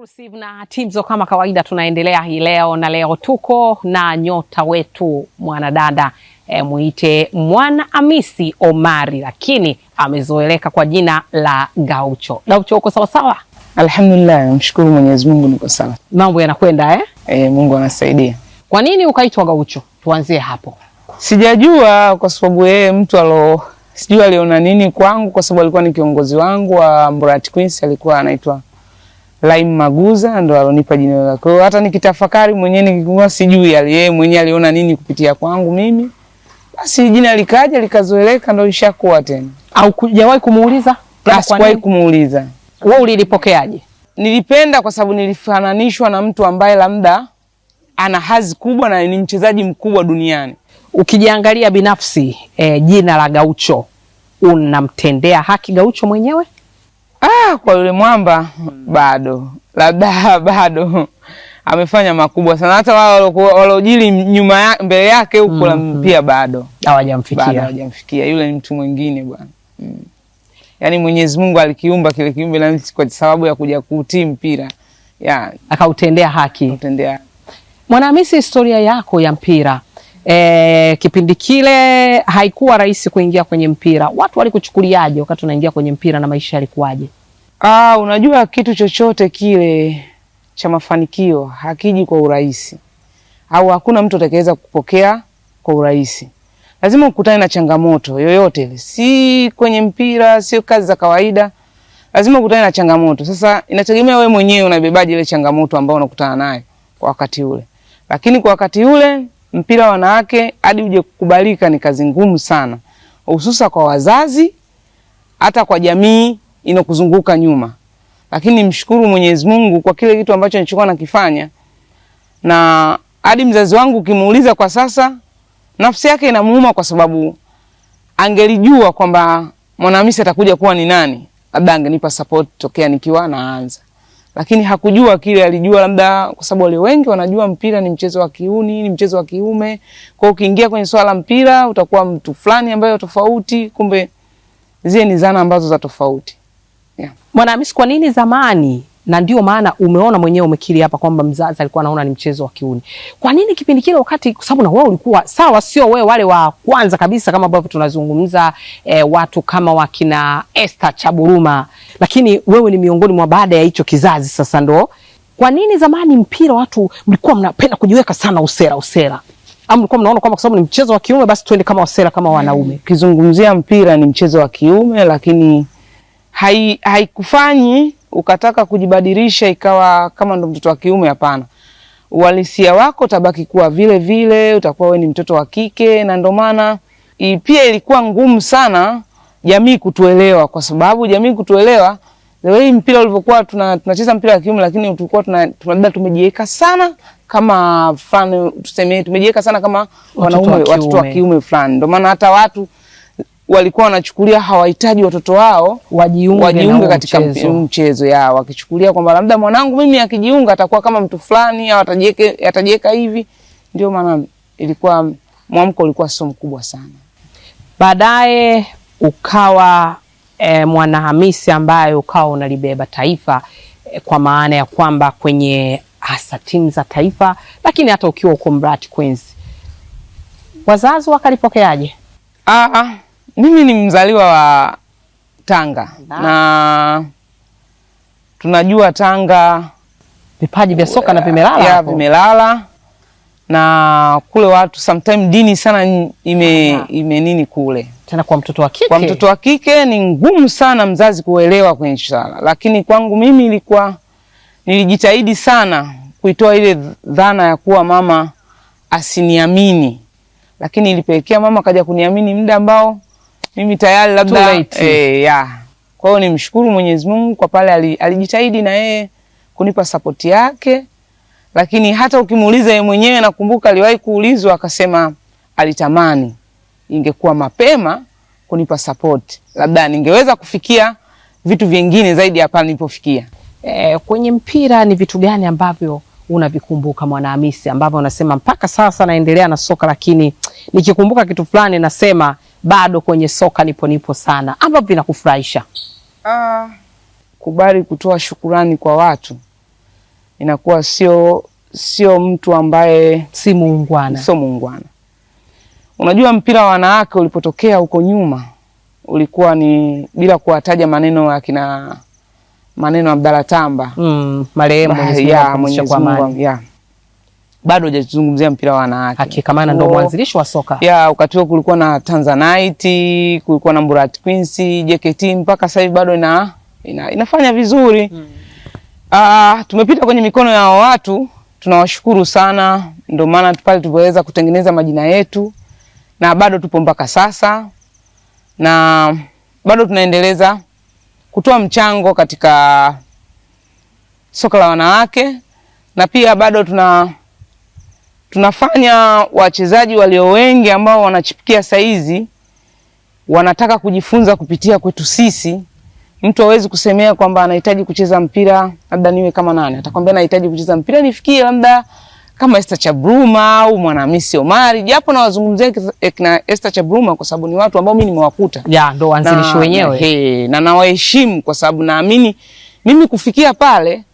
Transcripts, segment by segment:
Exclusive na Timzo kama kawaida, tunaendelea hii leo na leo tuko na nyota wetu mwanadada e, eh, muite mwana Hamisi Omari, lakini amezoeleka kwa jina la Gaucho. Gaucho, uko sawa sawa? Alhamdulillah, namshukuru Mwenyezi Mungu, niko sawa. Mambo yanakwenda eh? E, Mungu anasaidia. Kwa nini ukaitwa Gaucho? Tuanzie hapo. Sijajua kwa sababu yeye mtu alo sijui aliona nini kwangu, kwa sababu alikuwa ni kiongozi wangu wa Mburati Queens, alikuwa anaitwa Laim Maguza ndo alonipa jina la Kwa hiyo hata nikitafakari mwenyewe nikikuwa sijui yeye mwenyewe aliona nini kupitia kwangu mimi. Basi jina likaja likazoeleka ndo ishakuwa tena. Au kujawahi kumuuliza? Sikuwahi kumuuliza. Wewe ulilipokeaje? Nilipenda kwa sababu nilifananishwa na mtu ambaye labda ana hazi kubwa na ni mchezaji mkubwa duniani. Ukijiangalia binafsi eh, jina la Gaucho unamtendea haki Gaucho mwenyewe? Ah, kwa yule mwamba hmm. bado labda bado amefanya makubwa sana, hata wale walojili nyuma ya, mbele yake huko hmm. pia bado hawajamfikia hawajamfikia. Yule ni mtu mwingine bwana hmm. Yaani Mwenyezi Mungu alikiumba kile kiumbe na kwa sababu ya kuja kuutii mpira yeah. Akautendea haki. Akautendea. Mwanahamisi, historia yako ya mpira e, kipindi kile haikuwa rahisi kuingia kwenye mpira. Watu walikuchukuliaje wakati unaingia kwenye mpira na maisha yalikuwaje? Ah, unajua kitu chochote kile cha mafanikio hakiji kwa urahisi, au hakuna mtu atakayeweza kupokea kwa urahisi. Lazima ukutane na changamoto yoyote si kwenye mpira, sio kazi za kawaida, lazima ukutane na changamoto. Sasa inategemea wewe mwenyewe unabebaje ile changamoto ambayo unakutana nayo kwa wakati ule, lakini kwa wakati ule mpira wa wanawake hadi uje kukubalika ni kazi ngumu sana, hususa kwa wazazi, hata kwa jamii inokuzunguka nyuma. Lakini mshukuru Mwenyezi Mungu kwa kile kitu ambacho nilichokuwa nakifanya, na hadi mzazi wangu ukimuuliza kwa sasa, nafsi yake inamuuma, kwa sababu angelijua kwamba Mwanahamisi atakuja kuwa ni nani, labda angenipa support tokea nikiwa naanza lakini hakujua kile. Alijua labda kwa sababu walio wengi wanajua mpira ni mchezo wa kiuni, ni mchezo wa kiume. Kwa ukiingia kwenye swala mpira utakuwa mtu fulani ambaye tofauti, kumbe zile ni zana ambazo za tofauti. Yeah. Mwana kwa nini zamani na ndio maana umeona mwenyewe umekiri hapa kwamba mzazi alikuwa anaona ni mchezo wa kiuni. Kwa nini kipindi kile wakati, kwa sababu na wewe ulikuwa sawa, sio wewe wale wa kwanza kabisa kama ambavyo tunazungumza eh, watu kama wakina Esther Chaburuma, lakini wewe ni miongoni mwa baada ya hicho kizazi sasa ndo. Kwa nini zamani mpira watu mlikuwa mnapenda kujiweka sana usera usera? Au mlikuwa mnaona kwamba kwa sababu ni mchezo wa kiume basi twende kama wasera kama wanaume? Kizungumzia mpira ni mchezo wa kiume lakini hai haikufanyi ukataka kujibadilisha ikawa kama ndo mtoto wa kiume, hapana. Uhalisia wako utabaki kuwa vile vile, utakuwa wewe ni mtoto wa kike, na ndo maana pia ilikuwa ngumu sana jamii kutuelewa, kwa sababu jamii kutuelewa the way mpira ulivyokuwa tunacheza mpira wa kiume, lakini tulikuwa tunabda tumejiweka sana kama fulani, tuseme tumejiweka sana kama wanaume, watoto wa kiume fulani, ndo maana hata watu walikuwa wanachukulia hawahitaji watoto wao wajiunge, wajiunge katika mchezo, mchezo ya wakichukulia kwamba labda mwanangu mimi akijiunga atakuwa kama mtu fulani au atajiweka hivi. Ndio maana ilikuwa mwamko ulikuwa sio mkubwa sana. Baadaye ukawa e, Mwanahamisi ambaye ukawa unalibeba taifa e, kwa maana ya kwamba kwenye hasa timu za taifa, lakini hata ukiwa uko Mbarati Queens, wazazi wakalipokeaje? ah, Ah, mimi ni mzaliwa wa Tanga na, na tunajua Tanga vipaji vya soka na vimelala ya, vimelala na kule watu sometimes dini sana ime, ime nini kule tena kwa mtoto wa kike. Kwa mtoto wa kike ni ngumu sana mzazi kuelewa kwenye swala, lakini kwangu mimi ilikuwa nilijitahidi sana kuitoa ile dhana ya kuwa mama asiniamini, lakini ilipelekea mama kaja kuniamini muda ambao mimi tayari labda eh, yeah. Kwa hiyo nimshukuru Mwenyezi Mungu kwa pale alijitahidi na yeye kunipa sapoti yake, lakini hata ukimuuliza yeye mwenyewe, nakumbuka aliwahi kuulizwa akasema alitamani ingekuwa mapema kunipa sapoti, labda ningeweza kufikia vitu vingine zaidi hapa nilipofikia. Eh, kwenye mpira ni vitu gani ambavyo unavikumbuka Mwanahamisi, ambavyo unasema mpaka sasa naendelea na soka, lakini nikikumbuka kitu fulani nasema bado kwenye soka nipo nipo sana, ambavyo vinakufurahisha? Ah, kubali kutoa shukurani kwa watu, inakuwa sio sio mtu ambaye si muungwana, sio muungwana. Unajua mpira wa wanawake ulipotokea huko nyuma ulikuwa ni bila kuwataja maneno ya kina maneno Abdalla Tamba mm, marehemu ah, Mwenyezi Mungu bado hujazungumzia mpira wa wanawake. Hakika maana ndio mwanzilishi wa soka. Ya, wakati huo kulikuwa na Tanzanite, kulikuwa na Murat Queens, JKT mpaka sasa hivi bado ina, ina, inafanya vizuri. Mm. Ah, tumepita kwenye mikono ya watu, tunawashukuru sana, ndio maana pale tulipoweza kutengeneza majina yetu na bado tupo mpaka sasa na bado tunaendeleza kutoa mchango katika soka la wanawake na pia bado tuna tunafanya wachezaji walio wengi ambao wanachipukia saizi wanataka kujifunza kupitia kwetu sisi. Mtu hawezi kusemea kwamba anahitaji kucheza mpira labda niwe kama nani, atakwambia anahitaji kucheza mpira nifikie labda kama Esther Chabruma au Mwanamisi Omari, japo nawazungumzia kina Esther Chabruma kwa sababu ni watu ambao mimi nimewakuta, ya ndo waanzilishi wenyewe na, hey, na nawaheshimu kwa sababu naamini mimi kufikia pale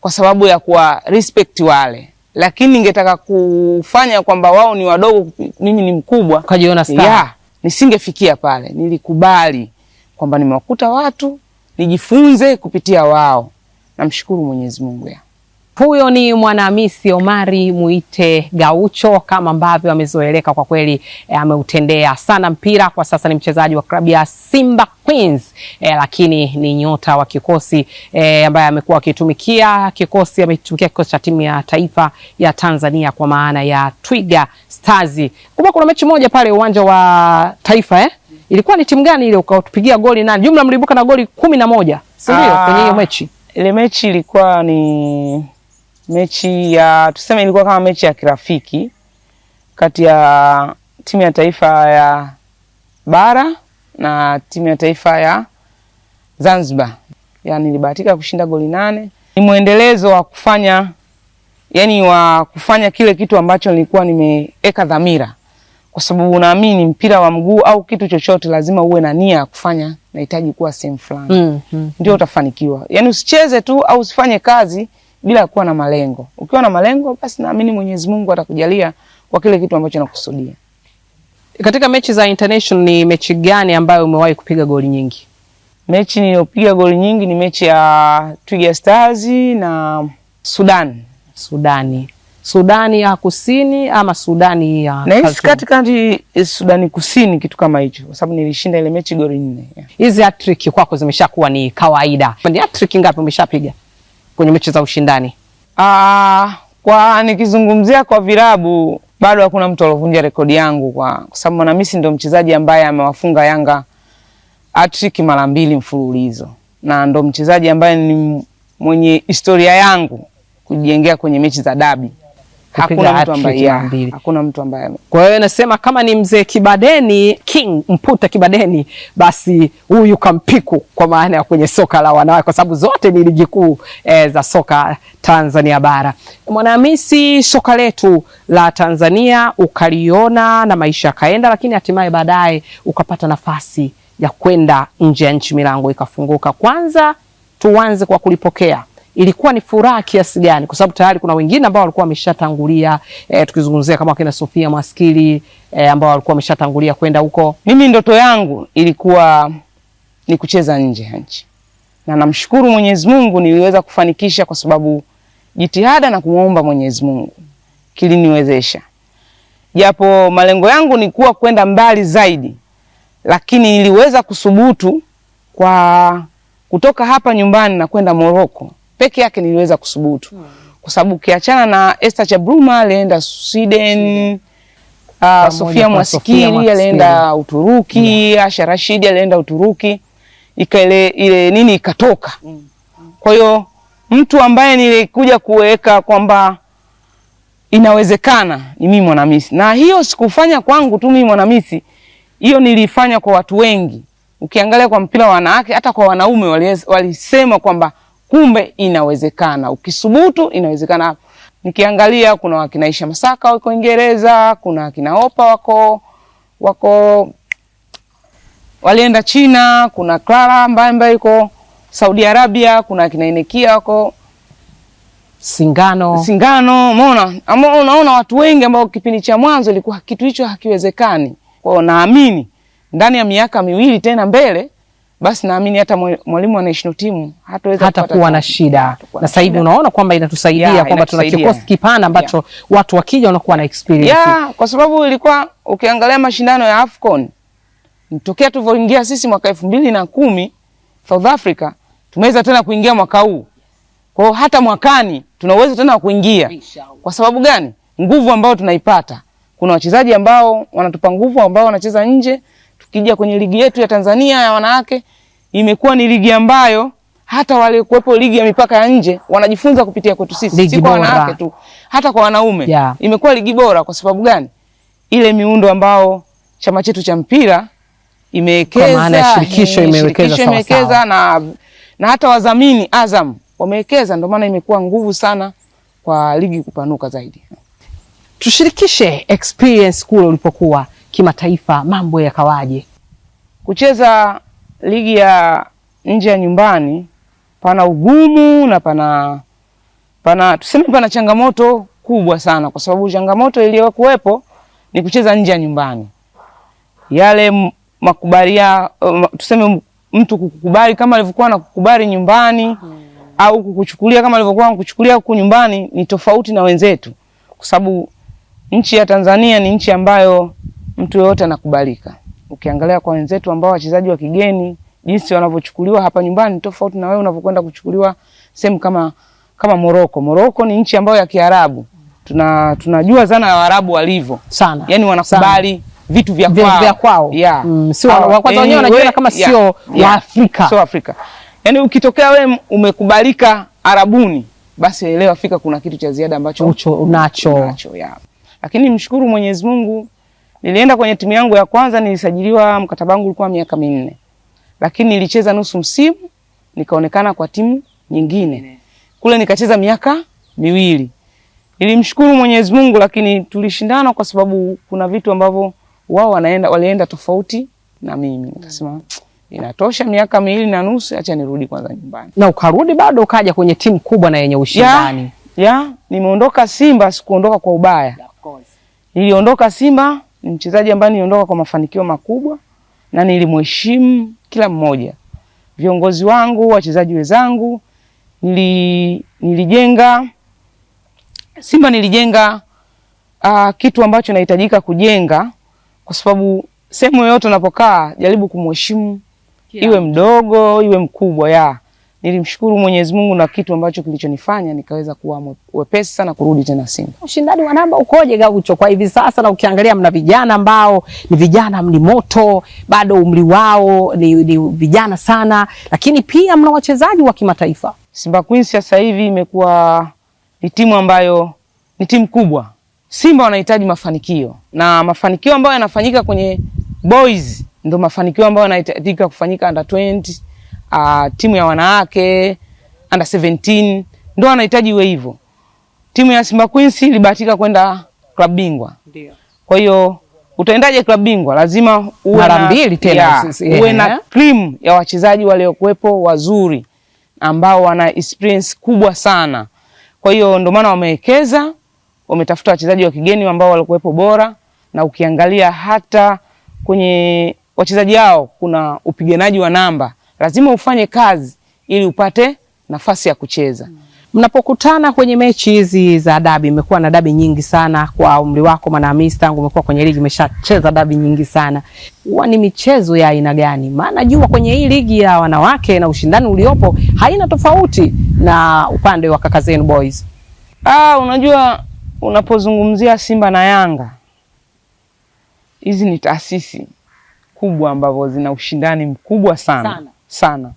kwa sababu ya kuwa respect wale lakini ningetaka kufanya kwamba wao ni wadogo, mimi ni mkubwa, kajiona star yeah, nisingefikia pale. Nilikubali kwamba nimewakuta watu nijifunze kupitia wao, namshukuru Mwenyezi Mungu ya huyo ni Mwanahamisi Omari muite Gaucho, kama ambavyo amezoeleka. Kwa kweli eh, ameutendea sana mpira. Kwa sasa ni mchezaji wa klabu ya Simba Queens eh, lakini ni nyota wa kikosi eh, ambaye amekuwa akitumikia kikosi ametumikia kikosi cha timu ya taifa ya Tanzania kwa maana ya Twiga Stars. Kumbuka kuna mechi moja pale uwanja wa Taifa eh? Ilikuwa ni timu gani ile ukatupigia goli nani? Jumla mlibuka na goli kumi na moja, si ndio? Ah, Kwenye hiyo mechi ile mechi ilikuwa ni mechi ya tuseme, ilikuwa kama mechi ya kirafiki kati ya timu ya taifa ya bara na timu ya taifa ya Zanzibar. Yani nilibahatika kushinda goli nane. Ni mwendelezo wa kufanya yani wa kufanya kile kitu ambacho nilikuwa nimeweka dhamira, kwa sababu naamini mpira wa mguu au kitu chochote lazima uwe na nia ya kufanya nahitaji kuwa sehemu fulani mm, mm, ndio mm. utafanikiwa. Yani usicheze tu au usifanye kazi bila kuwa na malengo. Ukiwa na malengo, basi naamini Mwenyezi Mungu atakujalia kwa kile kitu ambacho nakusudia. Katika mechi za international, ni mechi gani ambayo umewahi kupiga goli nyingi? Mechi niliyopiga goli nyingi ni mechi ya Twiga Stars na Sudan. Sudani, Sudani ya Kusini ama Sudani ya nahisi katikati, eh, Sudani Kusini, kitu kama hicho, kwa sababu nilishinda ile mechi goli nne. Hizi yeah. kwako zimeshakuwa ni kawaida. Ni hattrick ngapi umeshapiga? kwenye mechi za ushindani? Aa, ah, kwa nikizungumzia kwa vilabu bado hakuna mtu alovunja rekodi yangu kwa, kwa sababu Mwanamisi ndio mchezaji ambaye amewafunga Yanga hat-trick mara mbili mfululizo na ndo mchezaji ambaye ni mwenye historia yangu kujengea kwenye mechi za dabi Hakuna mtu ambaye, hakuna mtu ambaye. Kwa hiyo nasema kama ni mzee Kibadeni King Mputa Kibadeni, basi huyu kampiku kwa maana ya kwenye soka la wanawake, kwa sababu zote ni ligi kuu e, za soka Tanzania bara. Mwanahamisi, soka letu la Tanzania ukaliona na maisha yakaenda, lakini hatimaye baadaye ukapata nafasi ya kwenda nje ya nchi, milango ikafunguka. Kwanza tuanze kwa kulipokea ilikuwa ni furaha kiasi gani, kwa sababu tayari kuna wengine ambao walikuwa wameshatangulia e, tukizungumzia kama wakina Sofia Mwaskili e, eh, ambao walikuwa wameshatangulia kwenda huko. Mimi ndoto yangu ilikuwa ni kucheza nje ya nchi, na namshukuru Mwenyezi Mungu niliweza kufanikisha, kwa sababu jitihada na kumwomba Mwenyezi Mungu kiliniwezesha, japo malengo yangu ni kuwa kwenda mbali zaidi, lakini niliweza kusubutu kwa kutoka hapa nyumbani na kwenda Moroko peke yake niliweza kusubutu mm. kwa sababu ukiachana na Esther Chabruma alienda Sweden uh, Sofia Mwasikiri alienda Uturuki yeah. Asha Rashidi alienda Uturuki ikaile ile nini ikatoka mm. mm. kwa hiyo mtu ambaye nilikuja kuweka kwamba inawezekana ni mimi Mwanamisi, na hiyo sikufanya kwangu tu mimi Mwanamisi, hiyo nilifanya kwa watu wengi. Ukiangalia kwa mpira wa wanawake, hata kwa wanaume walisema kwamba kumbe inawezekana, ukisubutu inawezekana. Nikiangalia kuna wakinaisha Masaka wako Uingereza, kuna wakina Opa wako wako walienda China, kuna Clara ambaye ambaye yuko Saudi Arabia, kuna akina wako Singano. Singano, umeona? Ama unaona watu wengi ambao kipindi cha mwanzo ilikuwa kitu hicho hakiwezekani. Kwao naamini ndani ya miaka miwili tena mbele basi naamini hata mwalimu wa national team hataweza hata kuwa na shida. Na sasa hivi unaona kwamba inatusaidia yeah, kwamba tuna kikosi kipana ambacho yeah, watu wakija wanakuwa na experience yeah, kwa sababu ilikuwa ukiangalia mashindano ya Afcon tokea tulivyoingia sisi mwaka elfu mbili na kumi South Africa tumeweza tena kuingia mwaka huu. Kwa hiyo hata mwakani tuna uwezo tena wa kuingia. Kwa sababu gani? Nguvu ambayo tunaipata, kuna wachezaji ambao wanatupa nguvu ambao wanacheza nje Tukija kwenye ligi yetu ya Tanzania ya wanawake, imekuwa ni ligi ambayo hata wale kuwepo ligi ya mipaka ya nje wanajifunza kupitia kwetu sisi, si kwa wanawake tu, hata kwa wanaume yeah. Imekuwa ligi bora kwa sababu gani? Ile miundo ambao chama chetu cha mpira imewekeza, shirikisho imewekeza na, na hata wadhamini Azam wamewekeza, ndio maana imekuwa nguvu sana kwa ligi kupanuka zaidi. Tushirikishe experience kule ulipokuwa kimataifa mambo yakawaje? Kucheza ligi ya nje ya nyumbani pana ugumu na pana pana tuseme, pana changamoto kubwa sana, kwa sababu changamoto iliyokuwepo ni kucheza nje ya nyumbani. Yale makubalia, tuseme mtu kukubali kama alivyokuwa anakukubali nyumbani hmm, au kukuchukulia kama alivyokuwa anakuchukulia huku nyumbani ni tofauti na wenzetu, kwa sababu nchi ya Tanzania ni nchi ambayo mtu yoyote anakubalika. Ukiangalia kwa wenzetu ambao wachezaji wa kigeni jinsi wanavyochukuliwa hapa nyumbani tofauti na wewe unavyokwenda kuchukuliwa sehemu kama kama Moroko. Moroko ni nchi ambayo ya Kiarabu. Tuna tunajua zana ya Waarabu walivyo. Sana. Yaani wanakubali sana vitu vya kwao. Vya kwao. Yeah. Mm, sio wa kwanza wenyewe wanajiona kama yeah, sio yeah, wa Afrika. Sio Afrika. Yaani ukitokea wewe umekubalika Arabuni basi elewa fika kuna kitu cha ziada ambacho unacho. Unacho, yeah. Lakini mshukuru Mwenyezi Mungu Nilienda kwenye timu yangu ya kwanza, nilisajiliwa, mkataba wangu ulikuwa miaka minne, lakini nilicheza nusu msimu, nikaonekana kwa timu nyingine kule, nikacheza miaka miwili. Nilimshukuru Mwenyezi Mungu, lakini tulishindana kwa sababu kuna vitu ambavyo wao wanaenda walienda tofauti na mimi, nikasema inatosha miaka miwili na nusu, acha nirudi kwanza nyumbani. Na ukarudi bado ukaja kwenye timu kubwa na yenye ushindani. Ya, ya nimeondoka Simba, sikuondoka kwa ubaya. Niliondoka Simba ni mchezaji ambaye niliondoka kwa mafanikio makubwa na nilimheshimu kila mmoja, viongozi wangu, wachezaji wenzangu. Nili, nilijenga Simba nilijenga uh, kitu ambacho nahitajika kujenga, kwa sababu sehemu yoyote unapokaa jaribu kumheshimu Iwe mdogo iwe mkubwa ya Nilimshukuru Mwenyezi Mungu na kitu ambacho kilichonifanya nikaweza kuwa wepesi sana kurudi tena Simba. Ushindani wa namba ukoje Gaucho kwa hivi sasa, na ukiangalia mna vijana ambao ni vijana ni moto bado umri wao ni, ni vijana sana, lakini pia mna wachezaji wa kimataifa. Simba Queens sasa hivi imekuwa ni timu ambayo ni timu kubwa. Simba wanahitaji mafanikio na mafanikio ambayo yanafanyika kwenye boys ndo mafanikio ambayo yanahitajika kufanyika under 20 uh, timu ya wanawake under 17 ndio anahitaji iwe hivyo. Timu ya Simba Queens ilibahatika kwenda klabu bingwa, ndio. Kwa hiyo utaendaje klabu bingwa? Lazima uwe mara mbili tena, eh. uwe na cream ya wachezaji waliokuwepo wazuri ambao wana experience kubwa sana. Kwa hiyo ndio maana wamewekeza, wametafuta wachezaji wa kigeni ambao walikuwepo bora, na ukiangalia hata kwenye wachezaji hao kuna upiganaji wa namba lazima ufanye kazi ili upate nafasi ya kucheza. Mnapokutana kwenye mechi hizi za dabi, imekuwa na dabi nyingi sana kwa umri wako Mwanahamisi, tangu umekuwa kwenye ligi umeshacheza dabi nyingi sana, huwa ni michezo ya aina gani? Maana jua kwenye hii ligi ya wanawake na ushindani uliopo haina tofauti na upande wa kaka zenu boys. Ah, unajua unapozungumzia Simba na Yanga, hizi ni taasisi kubwa ambazo zina ushindani mkubwa sana, sana sana.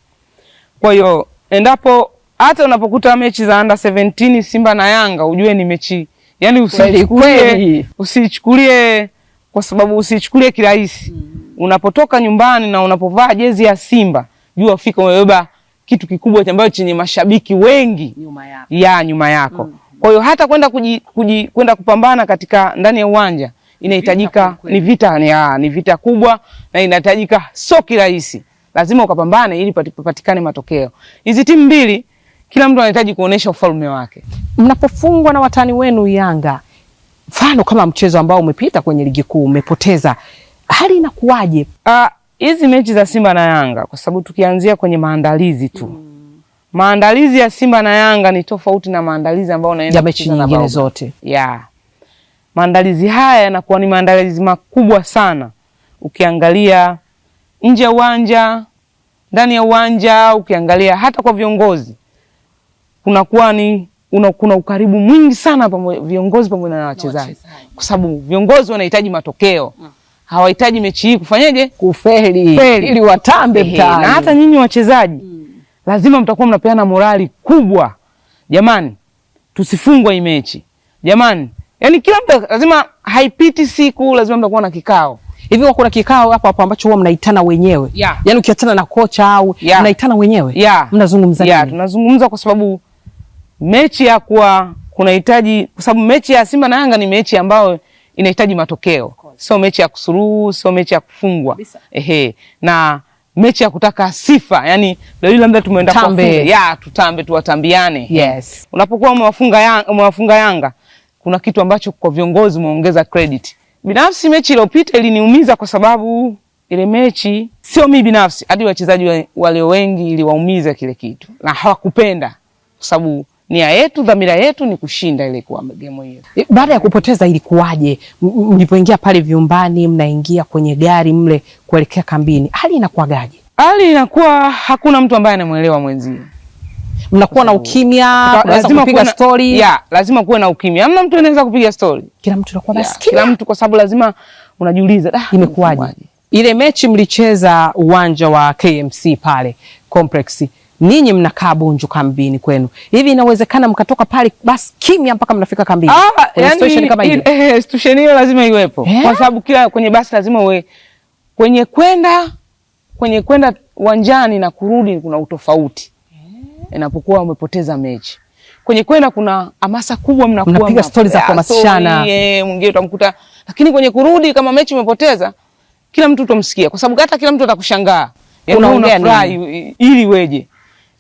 Kwa hiyo endapo hata unapokuta mechi za under 17 Simba na Yanga ujue ni mechi yani, usichukulie usichukulie kwa sababu usichukulie kirahisi mm. Unapotoka nyumbani na unapovaa jezi ya Simba jua fika umebeba kitu kikubwa ambacho chenye mashabiki wengi nyuma yako, ya nyuma yako mm. Kwa hiyo hata kwenda kuji, kuji, kwenda kupambana katika ndani ya uwanja inahitajika ni vita, ah, ni vita kubwa na inahitajika sio kirahisi lazima ukapambane ili patikane matokeo. Hizi timu mbili, kila mtu anahitaji kuonesha ufalme wake. Mnapofungwa na watani wenu Yanga, mfano kama mchezo ambao umepita kwenye ligi kuu umepoteza, hali inakuwaje? Ah, hizi mechi za Simba na Yanga, kwa sababu tukianzia kwenye maandalizi tu mm. Maandalizi ya Simba na Yanga ni tofauti na maandalizi ambayo unaenda mechi nyingine zote. Yeah. Maandalizi haya yanakuwa ni maandalizi makubwa sana. Ukiangalia nje ya uwanja, ndani ya uwanja, ukiangalia hata kwa viongozi kunakuwa ni una, kuna ukaribu mwingi sana pamo, viongozi pamoja na wachezaji, kwa sababu viongozi wanahitaji matokeo mm. hawahitaji mechi hii kufanyaje kufeli, ili watambe mtaani. Na hata nyinyi wachezaji mm. lazima mtakuwa mnapeana morali kubwa, jamani, tusifungwe hii mechi jamani, yani kila mtu lazima haipiti siku, lazima mtakuwa na kikao Hivi kuna kikao hapo hapo ambacho huwa mnaitana wenyewe yeah. Yani ukiatana na kocha au yeah. mnaitana wenyewe yeah. mnazungumza yeah. nini? Tunazungumza kwa sababu mechi ya kuwa kunahitaji, kwa sababu mechi ya Simba na Yanga ni mechi ambayo inahitaji matokeo, sio mechi ya kusuruhu, sio mechi ya kufungwa ehe, na mechi ya kutaka sifa, yani leo labda tumeenda kuwafunga ya tutambe, tuwatambiane. Yes, unapokuwa umewafunga Yanga, umewafunga Yanga, kuna kitu ambacho kwa viongozi umeongeza credit Binafsi mechi iliyopita iliniumiza kwa sababu ile mechi sio mimi binafsi, hadi wachezaji walio wengi iliwaumiza kile kitu, na hawakupenda kwa sababu nia yetu, dhamira yetu ni kushinda ile kwa game hiyo. E, baada ya kupoteza ilikuwaje? Mlipoingia pale vyumbani, mnaingia kwenye gari mle kuelekea kambini, hali inakuwa gaje? Hali inakuwa hakuna mtu ambaye anamwelewa mwenzie mnakuwa na ukimya, lazima kupiga story. Yeah, lazima kuwe na ukimya, hamna mtu anaweza kupiga story, kila mtu anakuwa basi, kila mtu kwa sababu lazima unajiuliza ah, imekuwaje ile mechi mlicheza uwanja wa KMC pale complex, ninyi mnakaa Bunju kambini kwenu, hivi inawezekana mkatoka pale basi kimya mpaka mnafika kambini? Ah, yani, situation kama eh, hiyo eh, eh, situation hiyo lazima iwepo yeah. Kwa sababu kila kwenye basi lazima uwe kwenye kwenda kwenye kwenda uwanjani na kurudi kuna utofauti inapokuwa umepoteza mechi kwenye kwenda kuna hamasa kubwa, mnakuwa mnapiga stori za kuhamasishana, eh, mwingine utamkuta, lakini kwenye kurudi, kama mechi umepoteza, kila mtu utamsikia, kwa sababu hata kila mtu atakushangaa unaongea nini ili weje,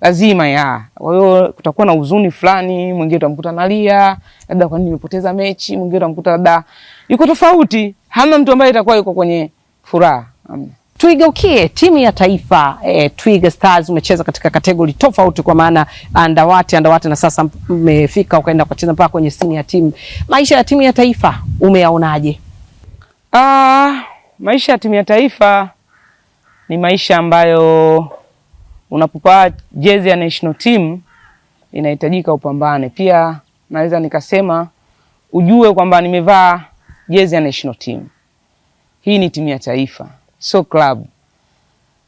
lazima ya. Kwa hiyo kutakuwa na huzuni fulani, mwingine utamkuta nalia, labda kwa nini nimepoteza mechi, mwingine utamkuta labda yuko tofauti. Hamna mtu ambaye itakuwa yuko kwenye furaha, hamna. Tuigeukie timu ya taifa e, Twiga Stars umecheza katika kategori tofauti, kwa maana andawati andawati, na sasa umefika ukaenda kucheza mpaka kwenye sini ya timu. Maisha ya timu ya taifa umeyaonaje? Ah, maisha ya timu ya taifa ni maisha ambayo unapopaa jezi ya national team inahitajika upambane. Pia naweza nikasema ujue kwamba nimevaa jezi ya national team, hii ni timu ya taifa sio klabu.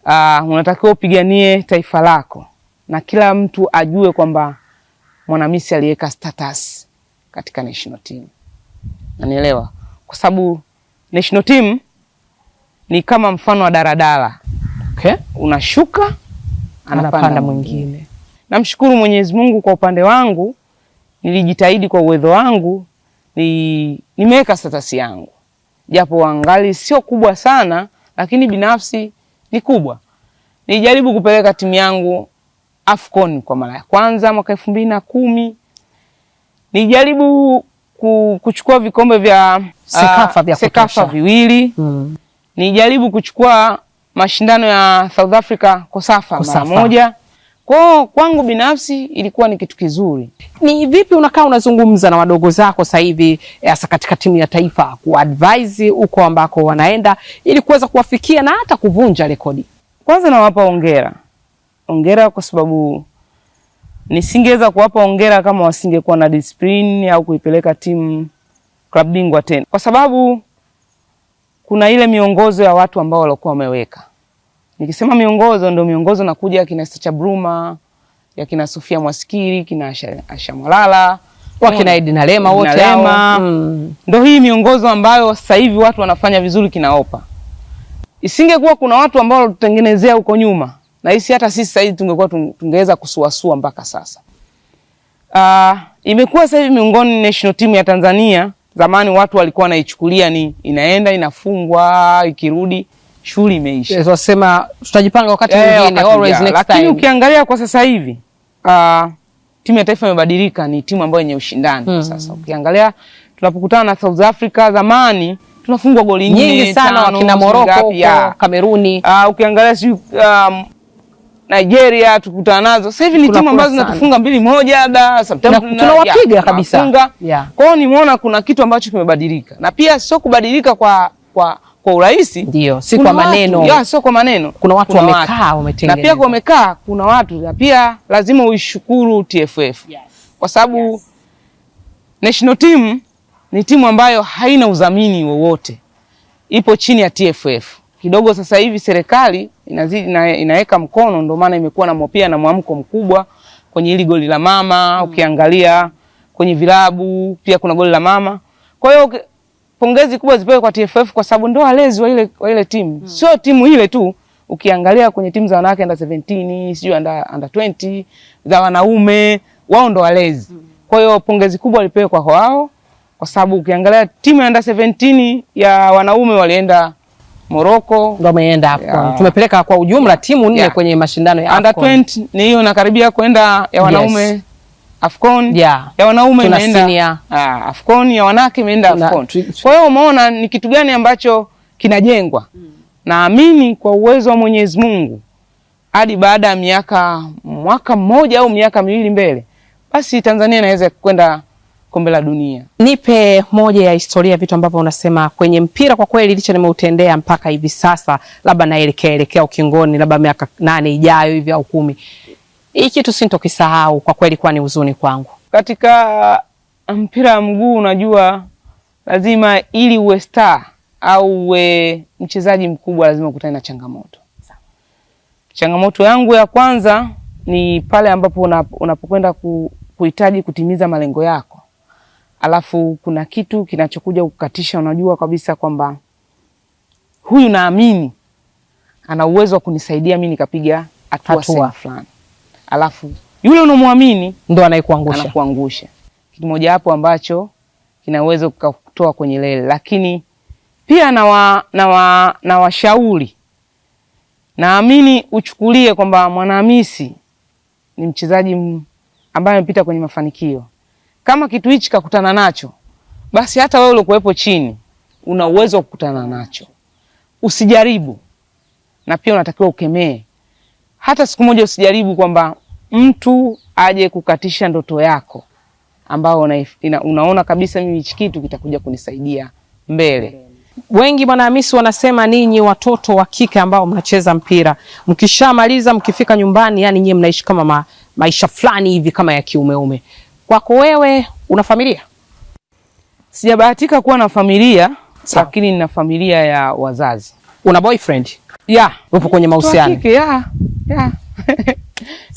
Uh, unatakiwa upiganie taifa lako na kila mtu ajue kwamba Mwanamisi aliweka status katika national team, nanielewa, kwa sababu national team ni kama mfano wa daradala. okay. Unashuka anapanda, mwingine. Namshukuru Mwenyezi Mungu kwa upande wangu, nilijitahidi kwa uwezo wangu, ni nimeweka status yangu, japo angali sio kubwa sana, lakini binafsi ni kubwa. nijaribu kupeleka timu yangu Afcon kwa mara ya kwanza mwaka elfu mbili na kumi. nijaribu kuchukua vikombe vya ah, Sekafa, vya Sekafa viwili mm. Nijaribu kuchukua mashindano ya South Africa Kosafa mara moja kwa kwangu binafsi ilikuwa ni kitu kizuri. Ni vipi unakaa unazungumza na wadogo zako sasa hivi eh, hasa katika timu ya taifa kuadvise huko ambako wanaenda ili kuweza kuwafikia na hata kuvunja rekodi? Kwanza nawapa ongera ongera kwa sababu nisingeweza kuwapa ongera kama wasingekuwa na discipline au kuipeleka timu klabu bingwa tena. Kwa sababu kuna ile miongozo ya watu ambao walikuwa wameweka Nikisema miongozo ndo miongozo nakuja kina Sacha Bruma, ya kina Sofia Mwasikiri, kina Asha, Asha Mwalala, kwa kina Edina Lema wote hao. Mm. Ndo hii miongozo ambayo sasa hivi watu wanafanya vizuri kina kinaopa. Isingekuwa kuna watu ambao walitengenezea huko nyuma. Na hisi hata sisi sasa hivi tungekuwa tungeweza kusuasua mpaka sasa. Ah, Uh, imekuwa sasa hivi miongoni national team ya Tanzania. Zamani watu walikuwa wanaichukulia ni inaenda inafungwa ikirudi, shughuli imeisha. Yes, wasema tutajipanga wakati eh, mwingine, always next time. Lakini ukiangalia kwa sasa hivi uh, timu ya taifa imebadilika, ni timu ambayo yenye ushindani mm. Sasa ukiangalia tunapokutana na South Africa zamani tunafungwa goli nyingi sana, wakina Morocco, Kameruni, uh, ukiangalia si um, Nigeria tukutana nazo sasa hivi ni timu ambazo zinatufunga mbili moja, da sometimes tunawapiga kabisa. Kwa hiyo nimeona kuna kitu ambacho kimebadilika, na pia sio kubadilika kwa kwa kwa urahisi, ndio si kwa maneno ya, sio kwa maneno. Kuna watu wamekaa wametengeneza, na pia kwa wamekaa kuna watu na pia lazima uishukuru TFF yes. kwa sababu yes. national team ni timu ambayo haina udhamini wowote, ipo chini ya TFF kidogo. Sasa hivi serikali inazidi inaweka mkono, ndio maana imekuwa na pia na mwamko mkubwa kwenye hili goli la mama mm. Ukiangalia kwenye vilabu pia kuna goli la mama, kwa hiyo pongezi kubwa zipewe kwa TFF kwa sababu ndo walezi wa ile wa ile timu hmm. Sio timu ile tu, ukiangalia kwenye timu za wanawake under 17 sio under under 20 za wanaume wao ndo walezi hmm. Kwa hiyo pongezi kubwa lipewe kwa wao kwa sababu ukiangalia timu ya under 17 ya wanaume walienda Moroko ndo ameenda AFCON. Tumepeleka kwa ujumla timu nne kwenye mashindano ya Under 20 ni hiyo nakaribia kwenda ya wanaume yes. Afcon yeah. ya wanaume imeenda ah, Afcon ya wanawake imeenda Afcon. Kwa hiyo umeona ni kitu gani ambacho kinajengwa mm. Naamini kwa uwezo wa Mwenyezi Mungu hadi baada ya miaka mwaka mmoja au miaka miwili mbele, basi Tanzania inaweza kwenda kombe la dunia. Nipe moja ya historia, vitu ambavyo unasema kwenye mpira kwa kweli, licha nimeutendea mpaka hivi sasa, labda naelekea elekea ukingoni, labda miaka nane ijayo hivi au kumi hii kitu sintokisahau kwa kweli, kwani huzuni kwangu katika ah, mpira wa mguu. Unajua, lazima ili uwe star au uwe mchezaji mkubwa, lazima ukutane na changamoto. Changamoto yangu ya kwanza ni pale ambapo unapokwenda ku, kuhitaji kutimiza malengo yako, alafu kuna kitu kinachokuja kukatisha. Unajua kabisa kwamba huyu naamini ana uwezo wa kunisaidia mimi nikapiga hatua fulani alafu yule unamwamini ndo anayekuangusha anakuangusha. Kitu moja hapo ambacho kina uwezo kukutoa kwenye lele, lakini pia wa, na washauri naamini uchukulie kwamba Mwanahamisi ni mchezaji ambaye amepita kwenye mafanikio. Kama kitu hichi kakutana nacho, basi hata wewe uliokuwepo chini una uwezo wa kukutana nacho, usijaribu. Na pia unatakiwa ukemee hata siku moja usijaribu kwamba mtu aje kukatisha ndoto yako ambao una, ina, unaona kabisa mimi hichi kitu kitakuja kunisaidia mbele. Wengi bwana Hamisi wanasema ninyi watoto wa kike ambao mnacheza mpira mkishamaliza mkifika nyumbani, yani nyie mnaishi kama ma, maisha fulani hivi kama ya kiumeume. Kwako wewe una familia? Sijabahatika kuwa na familia Lakini nina familia ya wazazi. Una boyfriend? yeah. Upo kwenye mahusiano yeah. Yeah.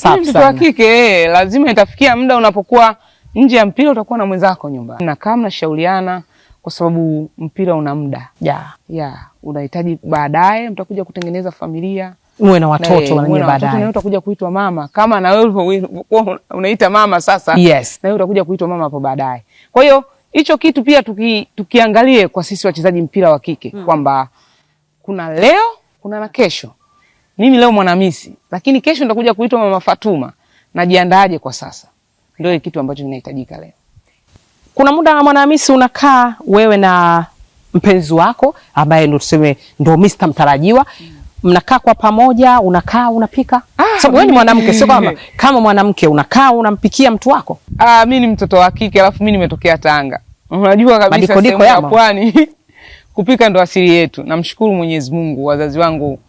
Yaani mtoto wa kike eh, lazima itafikia muda unapokuwa nje ya mpira utakuwa na mwenzako nyumbani, na kama mnashauriana, kwa sababu mpira una muda yeah. Yeah. Unahitaji baadaye mtakuja kutengeneza familia uwe na watoto eh, wenyewe baadaye, na utakuja kuitwa mama kama na wewe unaita mama sasa. Yes. Na wewe utakuja kuitwa mama hapo baadaye. Kwa hiyo hicho kitu pia tuki, tukiangalie kwa sisi wachezaji mpira wa kike mm, kwamba kuna leo kuna na kesho. Mimi leo Mwanamisi, lakini kesho nitakuja kuitwa Mama Fatuma. Najiandaje kwa sasa? Ndio kitu ambacho kinahitajika leo. Kuna muda na Mwanamisi unakaa wewe na mpenzi wako ambaye ndo tuseme ndo Mr mtarajiwa mm. mnakaa kwa pamoja, unakaa unapika. Ah, sababu wewe ni mwanamke, sio kwamba kama mwanamke unakaa unampikia mtu wako. Ah, mimi ni mtoto wa kike, alafu mimi nimetokea Tanga, unajua kabisa sehemu ya pwani kupika ndo asili yetu. Namshukuru Mwenyezi Mungu, wazazi wangu,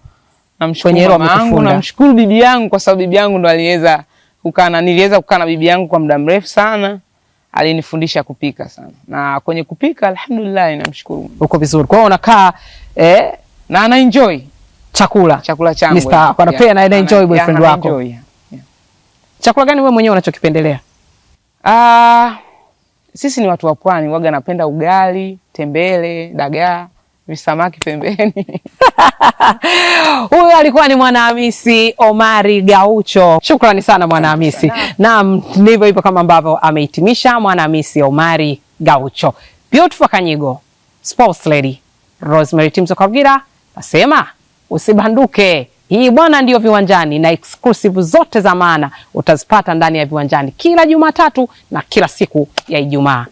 namshukuru mama yangu, namshukuru bibi yangu, kwa sababu bibi yangu ndo aliweza kukana, niliweza kukaa na bibi yangu kwa muda mrefu sana, alinifundisha kupika sana, na kwenye kupika alhamdulillah, namshukuru. Uko vizuri kwao, unakaa eh, na ana enjoy chakula chakula changu Mr. pia na ana enjoy boyfriend wako. Chakula gani wewe mwenyewe unachokipendelea? Ah uh, sisi ni watu wa pwani, waga napenda ugali, tembele, dagaa visamaki pembeni. huyu alikuwa ni Mwanahamisi Omari Gaucho. Shukrani sana Mwanahamisi. nam ndivyo hivyo kama ambavyo amehitimisha Mwanahamisi Omari Gaucho. Beautiful Kanyigo, Sports Lady Rosemary timso kabgira nasema usibanduke. Hii bwana ndiyo Viwanjani, na exclusive zote za maana utazipata ndani ya Viwanjani kila Jumatatu na kila siku ya Ijumaa.